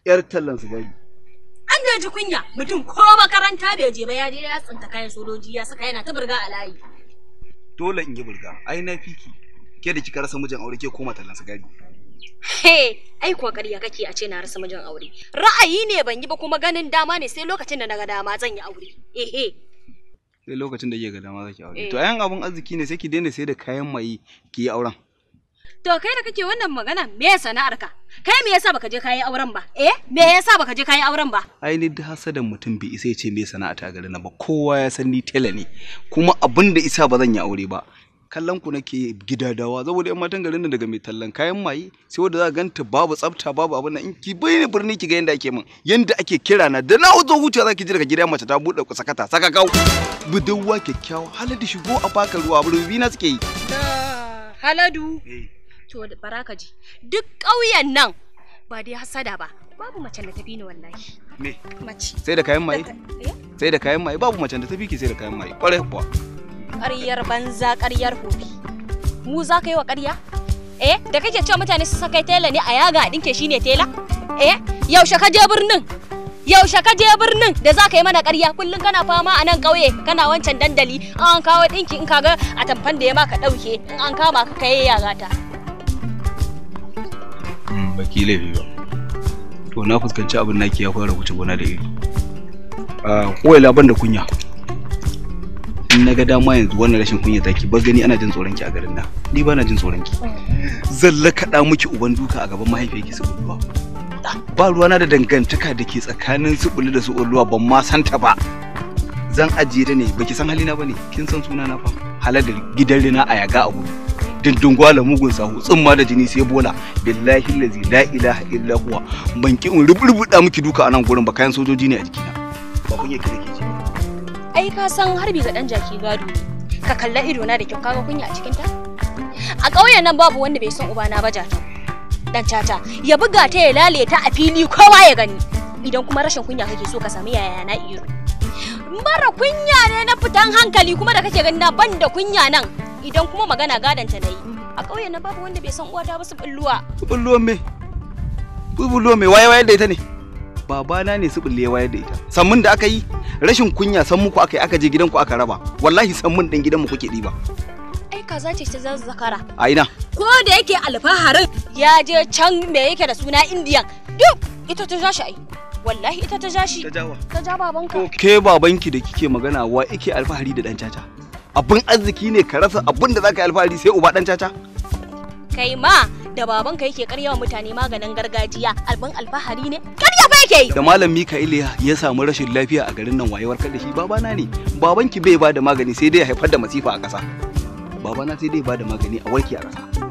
yar tallan sigari an da ji kunya mutum ko makaranta bai je ba ya je ya tsinta kayan sojoji ya saka yana ta burga a layi dole in yi burga ai na fiki ke da kika rasa mijin aure ke koma tallan sigari He, ai kuwa ƙarya kake a ce na rasa mijin aure. Ra'ayi ne ban yi ba kuma ganin dama ne sai lokacin da na ga dama zan yi aure. Ehe. Sai lokacin da ke ga dama zaki aure. Eh. To ayan abun arziki ne sai ki daina sai da kayan maye ki yi auren. To kai da kake wannan magana me sana'arka? Kai me yasa baka je kayi auren ba? Eh, me yasa baka je kayi auren ba? Ai ni duk hasadan mutum bi isa ce me sana'ata gare na ba. Kowa ya san ni tela ne. Kuma abin da isa ba zan yi aure ba. Kallon ku nake gidadawa saboda yan matan garin nan daga mai tallan kayan maye sai wanda za ganta babu tsafta babu abin nan in ki bayyana birni ki ga yanda ake min yanda ake kira na da na zo za ki ji daga gidan mace ta bude sakata saka kau budurwa kyakkyawa haladu shigo a baka ruwa rubi na suke yi haladu eh. to baraka ji duk ƙauyen nan ba dai hasada ba babu macen da ta bi ni wallahi me mace sai da kayan maye eh? sai da kayan maye babu macen da ta bi ki sai da kayan maye kware kuwa ƙaryar banza ƙaryar hobi mu za ka yi wa ƙarya eh da kake cewa mutane su sakai tela ne a yaga a dinke shine tela eh yaushe ka je birnin yaushe ka je birnin da za ka yi mana ƙarya kullum kana fama a nan ƙauye kana wancan dandali an kawo ɗinki in kaga a tamfan da ya maka ɗauke in an kama ka kai yaga ta nan ba ki laifi ba to na fuskanci abin naki ya fara wuce gona da iri a kowai laban da kunya in na ga dama yanzu wannan rashin kunya taki ba gani ana jin tsoron ki a garin nan ni ba na jin tsoron ki zalla kaɗa miki uban duka a gaban mahaifiyarki su budurwa ba ruwa na da dangantaka da ke tsakanin su da su ruwa ban ma santa ba zan ajiye ta ne baki san halina ba ne kin san suna na fa halar da gidan rina a yaga a gudu dindin mugun sahu tsimma da jini sai bola billahi lazi la ilaha illa huwa ban ki in da miki duka a nan gurin ba kayan sojoji ne a jikina ba kun yake dake ai ka san harbi ga dan jaki gado ka kalla ido na da kyau kaga kunya a cikin ta a ƙauyen nan babu wanda bai san ubana ba jata dan tata ya buga ta ya lale ta a fili kowa ya gani idan kuma rashin kunya kake so ka sami yaya na iyo mara kunya ne na fitan hankali kuma da kake gani na ban da kunya nan idan kuma magana gadon ta nayi a ƙauyen na babu wanda bai san uwata ba su bulluwa bulluwa me bulluwa me waye waye da ita ne babana ne su bulle waye da ita sammun da aka yi rashin kunya san muku aka yi aka je gidanku aka raba wallahi sammun din mu kuke diba ai kaza ce ta zan zakara a ina ko da yake alfaharin ya je can me yake da suna indiyan duk ita ta jashi ai wallahi ita ta jashi ta jawa ta ja babanka ke babanki da kike magana wa yake alfahari da dan caca abin arziki ne ka rasa abin da zaka yi alfahari sai uba dan caca kai ma da babanka yake wa mutane maganin gargajiya abin alfahari ne karya fa yake da malam Mika'il ya samu rashin lafiya a garin nan wayewar kada shi babana ne baban ki bai ba da magani sai dai ya haifar da masifa a ƙasa babana sai dai ba da magani a warke a ƙasa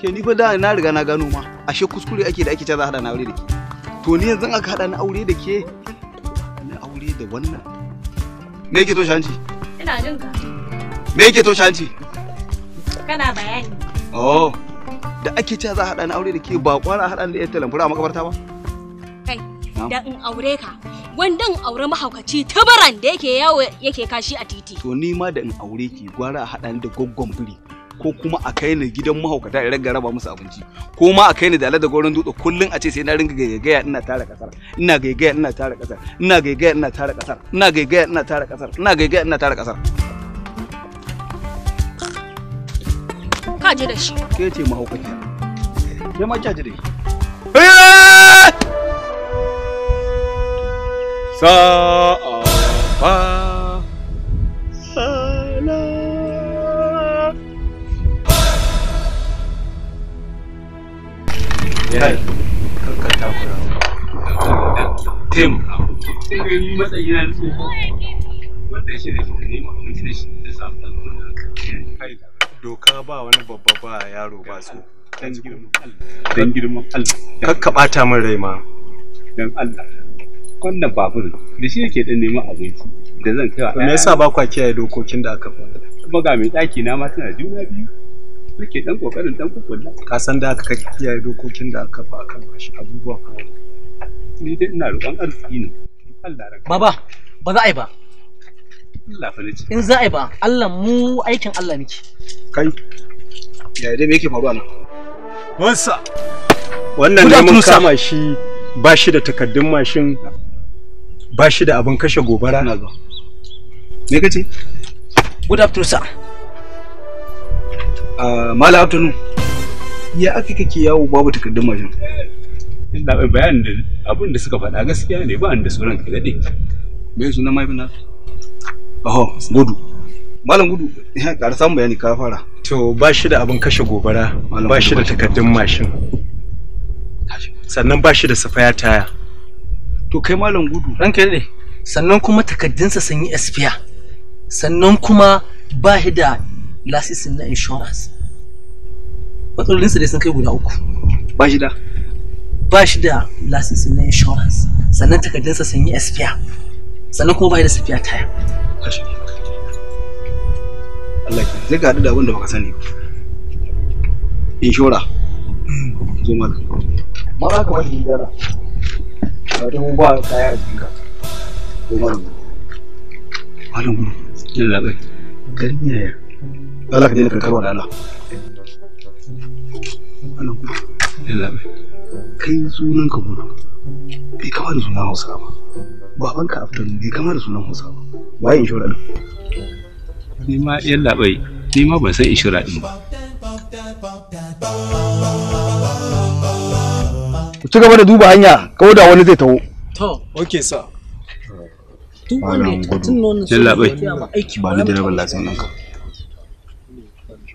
ke ni fa da na riga na gano ma ashe kuskure ake da ake ta hada na aure da ke to ni yanzu aka hada na aure da ke na aure da wannan me yake to shanci ina jin ka. Me yake to shanti? Kana bayani. Oh. Da ake cewa za a haɗa ni aure da ke ba kwara haɗa ni da ƴar lamfura a makabarta ba? Kai, da in aure ka. in aure mahaukaci tabaran da yake yawo yake kashi a titi. To ni ma da in aure ki gwara a haɗa da gwaggon biri. ko kuma a kai ni gidan mahaukata in ranga raba musu abinci ko ma a kai ni dala da goron dutse kullun a ce sai na ringa gaigaya ina tara kasar ina gaigaya ina tara kasar ina gaigaya ina tara kasar ina gaigaya ina tara kasar ina gaigaya ina tara kasar ka ji da shi ke ce mahaukata ke ma ka ji da shi eh! sa'a jihar karkar takura taimaka doka ba wani babba ba yaro ba su dan girman Allah bata min rai ma dan Allah wannan babur da shi yake dan neman abinci da zan kai wa me yasa ba kwa kiyaye dokokin da aka faɗa kuma ga mai daki na ma tana juna biyu nake dan kokarin dan kukkulla ka san da aka kiyaye dokokin da aka ba kan bashi abubuwa kuma ni dai ina roƙon arziki ne Allah raka baba ba za a yi ba Allah fa nace in za a yi ba Allah mu aikin Allah miki kai ya dai me yake faruwa nan wansa wannan ne mun kama shi ba shi da takaddun mashin ba shi da abin kashe gobara me kace good afternoon sir Ah, Mala Abdullu, ya aka kake yawo babu takardun mashin? Ina bai bayanin da abin da suka faɗa gaskiya ne ba da sauran ka daɗe. Me sunan mahaifin na? Oho, gudu. Malam gudu, ya ƙara samun bayani ka fara. To ba shi da abin kashe gobara, ba shi da takardun mashin. Sannan ba shi da safaya taya. To kai malam gudu. Ranka daɗe. Sannan kuma takardunsa sun yi espiya. Sannan kuma ba shi da lasisin na insurance matsalolinsa dai sun kai guda uku ba shi da ba shi da lasisin na insurance sannan takardunsa sun yi espiya sannan kuma ba shi da safiya taya Allah ki zai ka da wanda baka sani ba inshora zo mana ma ba ka wani gara ba ta ba kaya a jikinka zo mana malam gudu ina labai garin yaya Allah ka daina karkarwa da Allah kai sunan ka kuma bai kama da sunan Hausa ba babanka Abdul bai kama da sunan Hausa ba waye inshora din ni ma yalla bai ni ma ban san inshora din ba ku ci gaba da duba hanya kawo da wani zai taho to okay sir duk wanda ya tunno ne sai labai ba ni direban rabin lasin ɗinka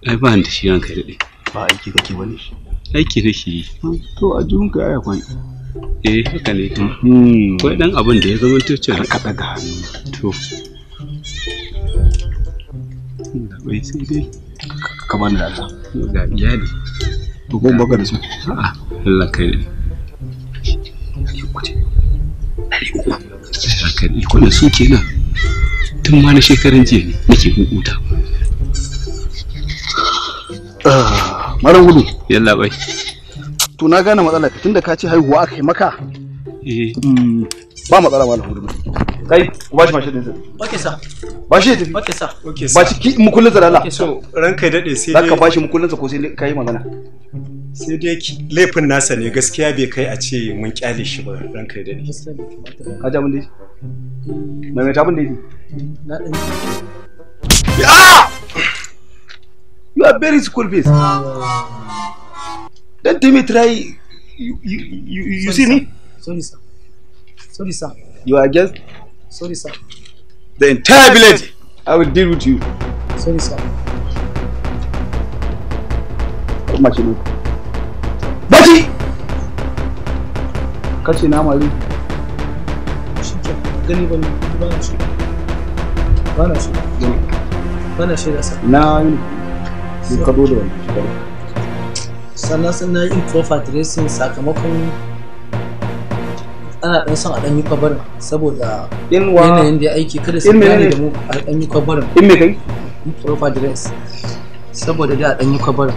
ai ba da shi ranka dade ba aiki kake bane aiki nake yi to a jihun ka ya kwan eh haka ne hmm. kai dan abin da ya zama tace cewa ka daga hannu to da bai sai dai ka bani da Allah ga iyali to ko baka da su a'a Allah kai ne Kai ne, kwanan su kenan tun ma na shekarun jiya ne nake hukuta. maran gudu yalla bai to na gane matsala tunda ka ce haihuwa aka yi maka eh. mm, ba matsala malam gudu kai ku shi mashi din sa okay sa Ba shi tafi okay sa okay sa shi ki mukullin sa da so ranka dade sai dai ka bashi mukullin sa ko sai ka yi magana sai dai laifin nasa ne gaskiya bai kai a ce mun kyale shi ba ranka dade ka ja mun dai mai mai ta mun dai na dan ah! You are very school based. Don't tell me try. You, you, you, you Sorry, see sir. me? Sorry, sir. Sorry, sir. You are just. Sorry, sir. The entire village, I will deal with you. Sorry, sir. Come on, Bati! Kace na mari. Shi ke gani ba ne, ba sun kado da sannan sun na yi improper tracing sakamakon ana dan son a dan yi kwabarin saboda yanayin da ya aiki kada su gane da mu a dan yi kwabarin in me kai dress saboda da a dan yi kwabarin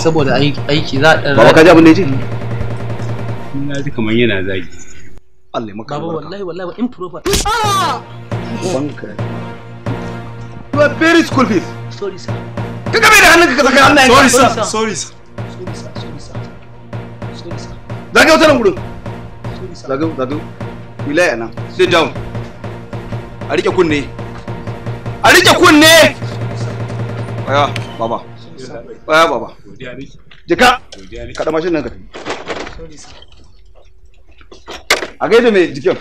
saboda aiki za a dan ba ka ji abin da ya ce na ji kamar yana zagi Allah maka baba wallahi wallahi wa improper banka you are very school fees sorry sir ka game da hannunka ka saka Allah sorry sir sorry sir sorry sir sorry sir sorry sir zage wata nan sir. zage zage nan sit down a rike kunne a rike kunne aya baba aya baba jika kada mashin nan ka sorry sir a gaida mai jikin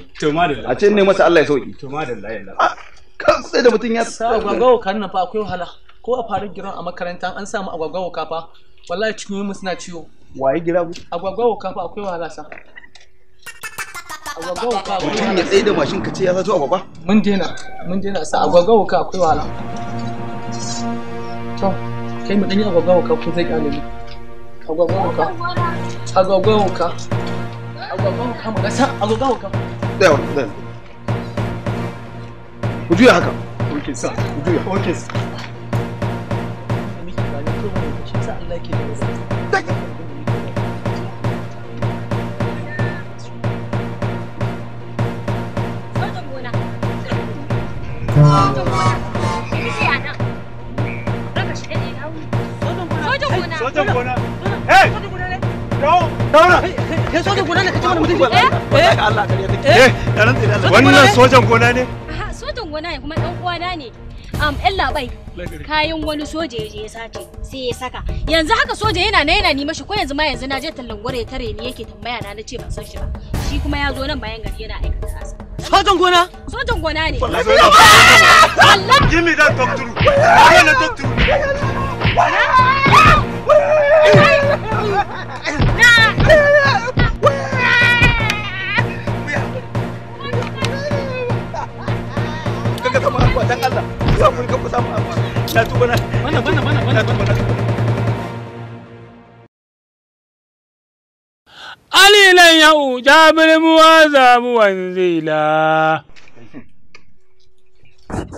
a ce ne masa Allah ya sauki to madalla ah, kan sai da mutum ya sa ga kan fa akwai wahala ko a faru giran a makaranta an samu agwagwa wuka fa wallahi cikin mu suna ciwo waye gira mu agwagwa wuka fa akwai wahala sa agwagwa mutum ya tsaye da mashin ka ce ya zato agwagwa mun dena mun dena sa agwagwa wuka akwai wahala to kai mu dan yi agwagwa wuka ko zai kare ni agwagwa wuka agwagwa wuka agwagwa wuka mu ga sa agwagwa wuka da yawa da ku juya haka Okay, sir. Okay, sir. sa Allah Sojan gona. ne Wannan sojan gona ne? sojan gona ne kuma dan uwana ne. Am, ƴan kayan wani soja ya je ya sace sai ya saka yanzu haka soja yana na yana nima shi ko yanzu ma yanzu na je tallan gwara ya tare ni yake tambaya na na ce ban san shi ba shi kuma ya zo nan bayan gari yana aikata asa sojan gona sojan gona ne wallahi give me that talk through i want to talk through na tuba na wannan wannan wannan wannan tuba na Ali lan ya'u jabir muwaza muwanzila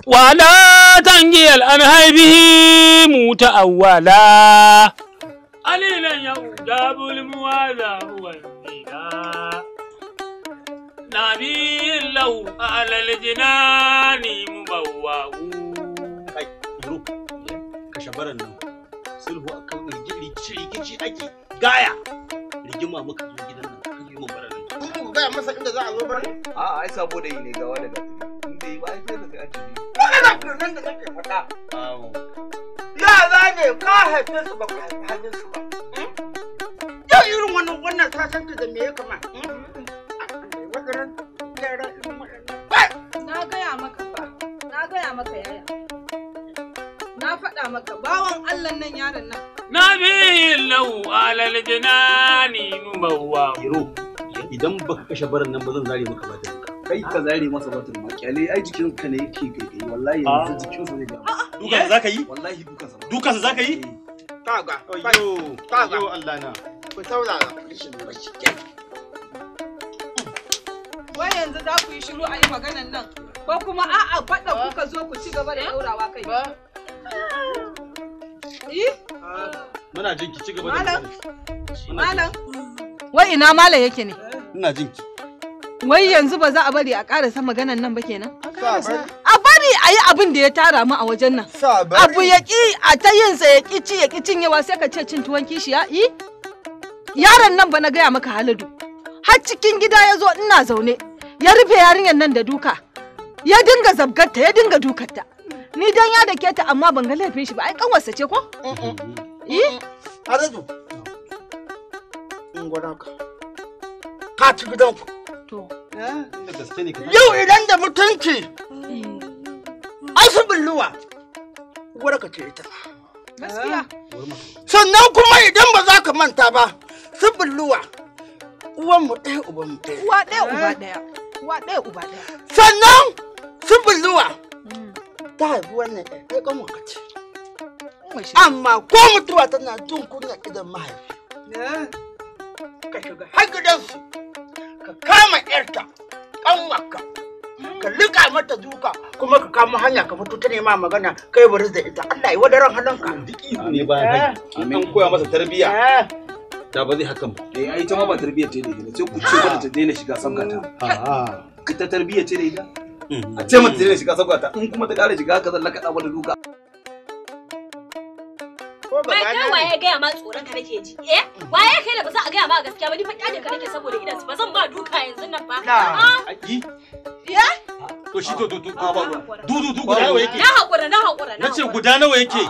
wala tangiyal an haibihi muta awwala Ali lan ya'u jabir muwaza muwanzila نبي له أهل الجنان shabaran nan sulhu a akan rigici rigici ake gaya rigima muka zo gidan nan kan yi mabara nan kun ku gaya masa inda za a zo baran a ai saboda yi ne gawa daga inda yi ba ai sai da sai a ci wannan kurnan da kake fada ya za ne ka haife su ba ka haife hannun su ba hmm? ya irin wannan wannan sasan da me ya kama hmm? na gaya maka ba na gaya maka yaya na faɗa maka bawan Allah nan yaron nan. Na bi lau alal jinani nubawa. Iro, idan baka kashe baran nan ba zan zare maka batin. Kai ka zare masa batun ma ai jikin ka ne yake gaigai wallahi ah. yanzu jikin sa ne ga. Duka Dukan zaka yi? Wallahi dukan sa. Dukan zaka yi? Kaga. Ayyo. Kaga. Ayyo Allah na. Ku ba shi ke. Wai yanzu za ku yi shiru a yi maganan nan. ko kuma a'a faɗa kuka zo ku ci gaba da eh? ɗaurawa kai. Eh? Muna ci gaba da Malam. Wai ina malam yake ne? Ina Wai yanzu ba za a bari a ƙarasa maganan nan ba kenan? A bari a yi abin da ya tara mu a wajen nan. Abu ya ƙi a ta yinsa ya ƙi ci ya ƙi cinyewa sai ka ce cin tuwon kishiya? Yi? Yaron nan ba na gaya maka haladu. Har cikin gida ya zo ina zaune. Ya rufe yarinyar nan da duka. Ya dinga zabgarta ya dinga dukarta. Ni dan ya da keta amma ban ga laifin shi ba, ai kanwarsa ce ko? Eh? eh Aradu. In gwada ka. Ka ci gidan ku To. Eh? Yau idan da mutunci. Mm. Asu bulluwa. Gwada ka ce ita. Gaskiya. Eh? Sannan kuma idan ba za ka manta ba, su bulluwa. Uwanmu ɗaya mu ɗaya. Uwa ɗaya uba ɗaya. Uwa ɗaya uba ɗaya. Sannan su bulluwa. Mm. ta haifi wannan ai kanwa ka ce amma ko mutuwa tana jin kunya idan mahaifi ka shiga har gidansu ka kama yarta kanwarka ka lika mata duka kuma ka kama hanya ka fito ta nema magana kai bari da ita Allah ya wadaran halanka duk ihu ne ba bayan kai an koya masa tarbiyya da ba zai haka ba. Eh ai ita ma ba tarbiyyar ce da ita sai ku ce mata ta daina shiga sabgata. Ita tarbiyyar ce da ita. Mm. a ce mata zai shiga saboda in kuma ta ƙara shiga ka zan da duka. Mata waye gaya ma tsoron ka nake ji? Eh? Waye kai da ba za a gaya ma gaskiya ba ni fa ka nake saboda idan ba zan ba duka yanzu nan ba. Na. Ah! Ya? To shi to dudu du guda nawa yake? Na hakura na hakura na ce guda nawa yake?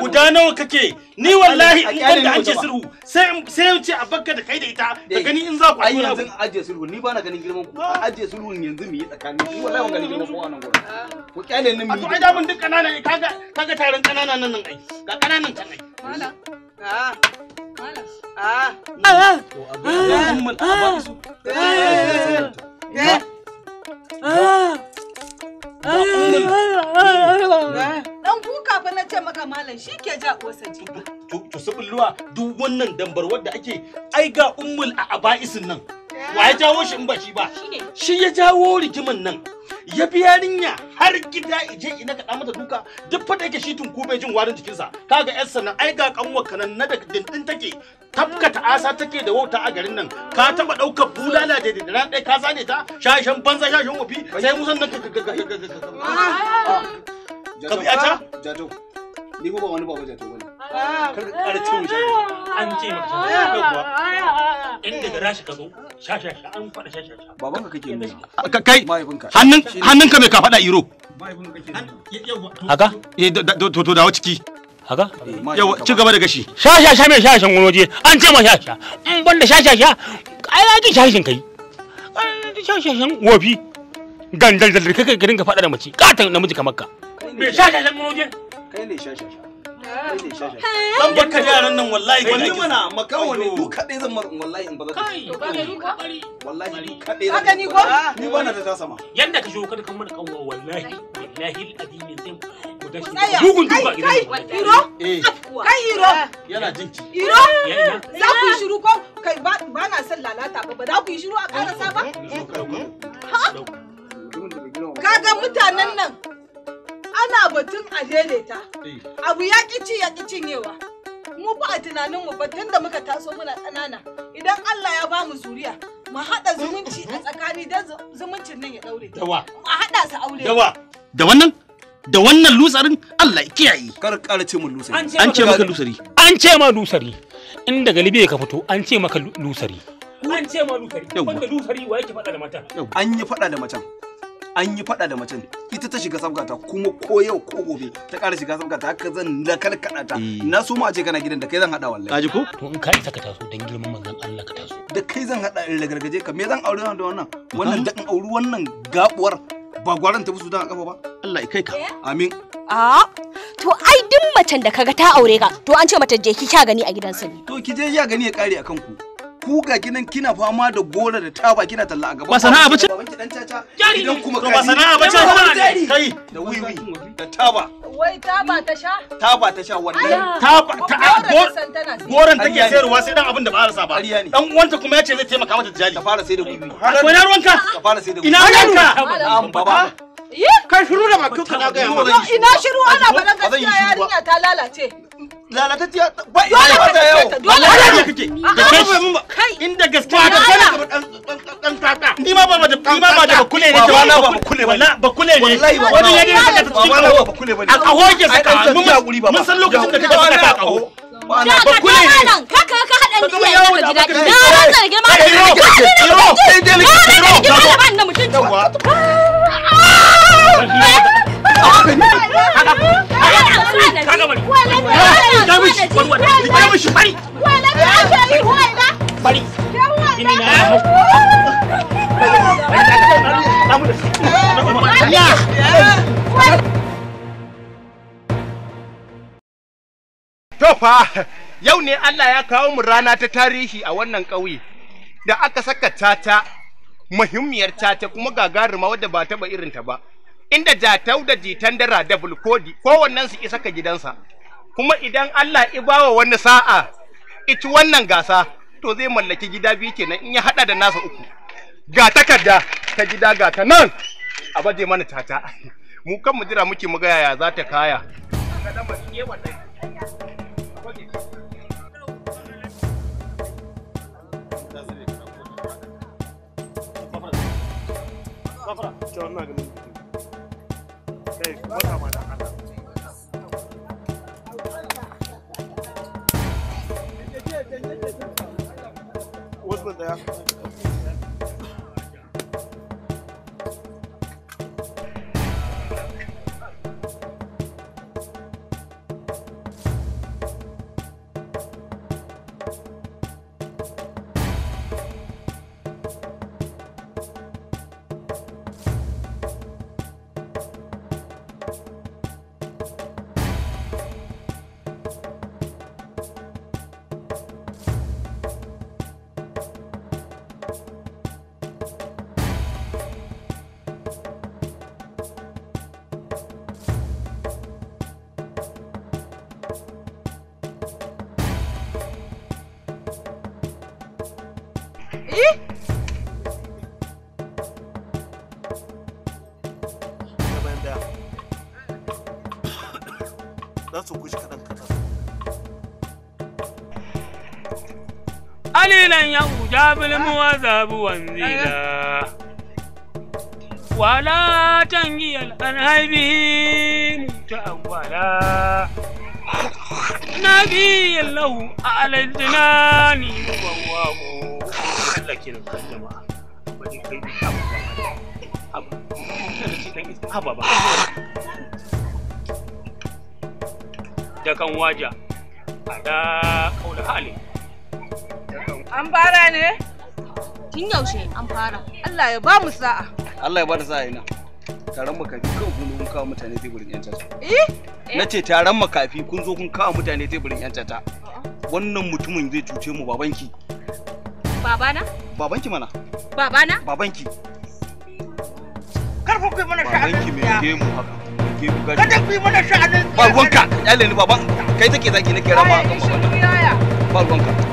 Guda nawa kake? Ni wallahi in banda an ce sirhu sai sai ce a bakka da kai da ita ka eh, gani in za ku ai yanzu aje sirhu ni ba na ganin girman ku aje sirhu yanzu mu yi tsakanin ni wallahi ban ganin girman ku a nan gurin. Ku kyale nan mu. To ai da mun duk kanana ne kaga kaga tarin kanana nan nan ai. Ga kananan can ai. Mala. Ah. Mala. Ah. Ah. ah. To abin da ah, mun mun a ba su. Eh. eh. eh. Dan kuka fa na ce maka malam shi ke ja uwarsa jiba. To, to duk wannan dambar wadda ake aiga umul ummul a aba'isin nan. wa ya jawo shi in ba shi ba shi ya jawo rigimin nan ya bi yarinya har gida ije ina ka mata duka duk fa da yake shi tun kube jin warin jikinsa kaga yar sannan ai ga kanwa kanan na da dindin take tafka asa take da wauta a garin nan ka taba ɗaukar bulala da dindin dai ka zane ta shashin banza shashin wofi sai musan nan ka ka ka ka ka karkar ce wuce an ce maka ka an faɗa ka kai hannun hannunka mai ka faɗa iro haka to to dawo ciki haka yawa ci gaba da gashi sha sha sha mai sha wani waje an ce ma sha sha in banda sha sha sha ai ya ji sha shin kai sha sha shan wofi gandal da kai ka faɗa da mace katon namiji kamar ka me sha sha shan wani waje kai ne sha sha sha Zan baka yaran nan wallahi kai ni mana makawo ne duk kadai zan mar wallahi in ba za ka yi to kaga ni kokari wallahi duk kadai zan kaga ni ko ni ba na da ta sama yanda ka shigo kada kan mana kanwa wallahi wallahi alazim zan ku dashi bugun duba gidan kai iro kai iro yana jinki iro za ku yi shiru ko kai ba na son lalata ba ba za ku yi shiru a karasa ba ga mutanen nan ana batun a daidaita eh. abu ya ci ya ƙi cinyewa mu fa a tunanin mu tun da muka taso muna ƙanana idan Allah ya bamu zuriya mu haɗa zumunci a tsakani don zumuncin nan ya daure dawa mu haɗa su aure dawa da wannan da wannan lusarin Allah ya kiyaye kar ƙara ce mun lusari an ce maka lusari an ce ma lusari in daga Libya ka fito an ce maka lusari an ce ma lusari wanda lusari wa yake faɗa da mata an yi faɗa da matan an yi faɗa da macen ita ta shiga sabgata kuma ko yau ko gobe ta ƙara shiga sabgata haka zan na karkaɗa ta eh. na so ma a ce kana gidan da kai zan haɗa wallahi kaji ko to in ka isa ka taso dan girman manzon Allah ka taso da kai zan haɗa in lagargaje ka me zan aure da wannan wannan da in auri wannan gabuwar ba gwaran ta musu dan a kafa ba Allah ya kai ka eh? amin a to ai duk macen da kaga ta aure ka to an ce mata je ki sha gani a gidansa ne to ki je ya gani ya kare akan ku kuka kinan kina fama da gora da taba kina talla a gaba ba sana'a bace babanki dan caca idan kuma ba sana'a bace kai da wiwi da taba wai taba ta sha taba ta sha wannan taba ta goran take sayarwa sai dan abin da ba a rasa ba dan wanta kuma yace zai taimaka mata da jali ta fara sai da wiwi ina ruwanka fara sai da wiwi ina ba ba Kai shiru da bakin ka zagaya ma. Ina shiru ana faɗa gaskiya yarinya ta lalace. Lalatacciya ba ina ba ta yau. Dole ne kake. Kai inda gaskiya ba ta sani dan kaka. Ni ma ba da ni ma ba da bakule ne ke wala ba bakule ba. Bakule ne. Wani ya dinga saka ta cikin kawo. A kawo ke saka. Mun san lokacin da kake saka kawo. Ba bakule ne. Kaka ka haɗa ni ya yi maka gida. Na rantsar girma da ni. Ka ne na mutum. Ka ne na mutum. Ka ne na fa yau ne Allah ya kawo mu rana ta tarihi a wannan ƙauye da aka saka tata muhimmiyar tata kuma gagaruma wadda ba taɓa irinta ba inda jatau da jitan dara da bulkodi kowannen su isa ka gidansa kuma idan Allah i bawa wani sa'a ici wannan gasa to zai mallaki gida biyu kenan in ya hada da nasa uku ga takarda ta gida ga ta nan a baje mana tata mu kan mu jira muke muga yaya za ta kaya Eh, kai wata alilan ya huja bilmuwa zabuwan zila wala tangi al'anhaibi mutu awwala nabi yallahu a aladina wawawo kai haba da kan waja a kaula An fara ne? Tun yaushe an fara. Allah ya ba mu sa'a. Allah ya ba da sa'a ina. Taron makafi kan kun kun kawo mutane teburin yan tata. Eh? eh? Na ce taron makafi kun zo kun kawo mutane teburin yan tata. Uh-uh. Wannan mutumin zai cuce mu babanki. Babana? Babanki mana. Babana? Babanki. Karfa kai mana sha'anin. Babanki mai mu haka. Kada ku yi mana sha'anin. Ba ruwanka, yale ni baban kai take zaki nake rama kan babanka. Ba ruwanka.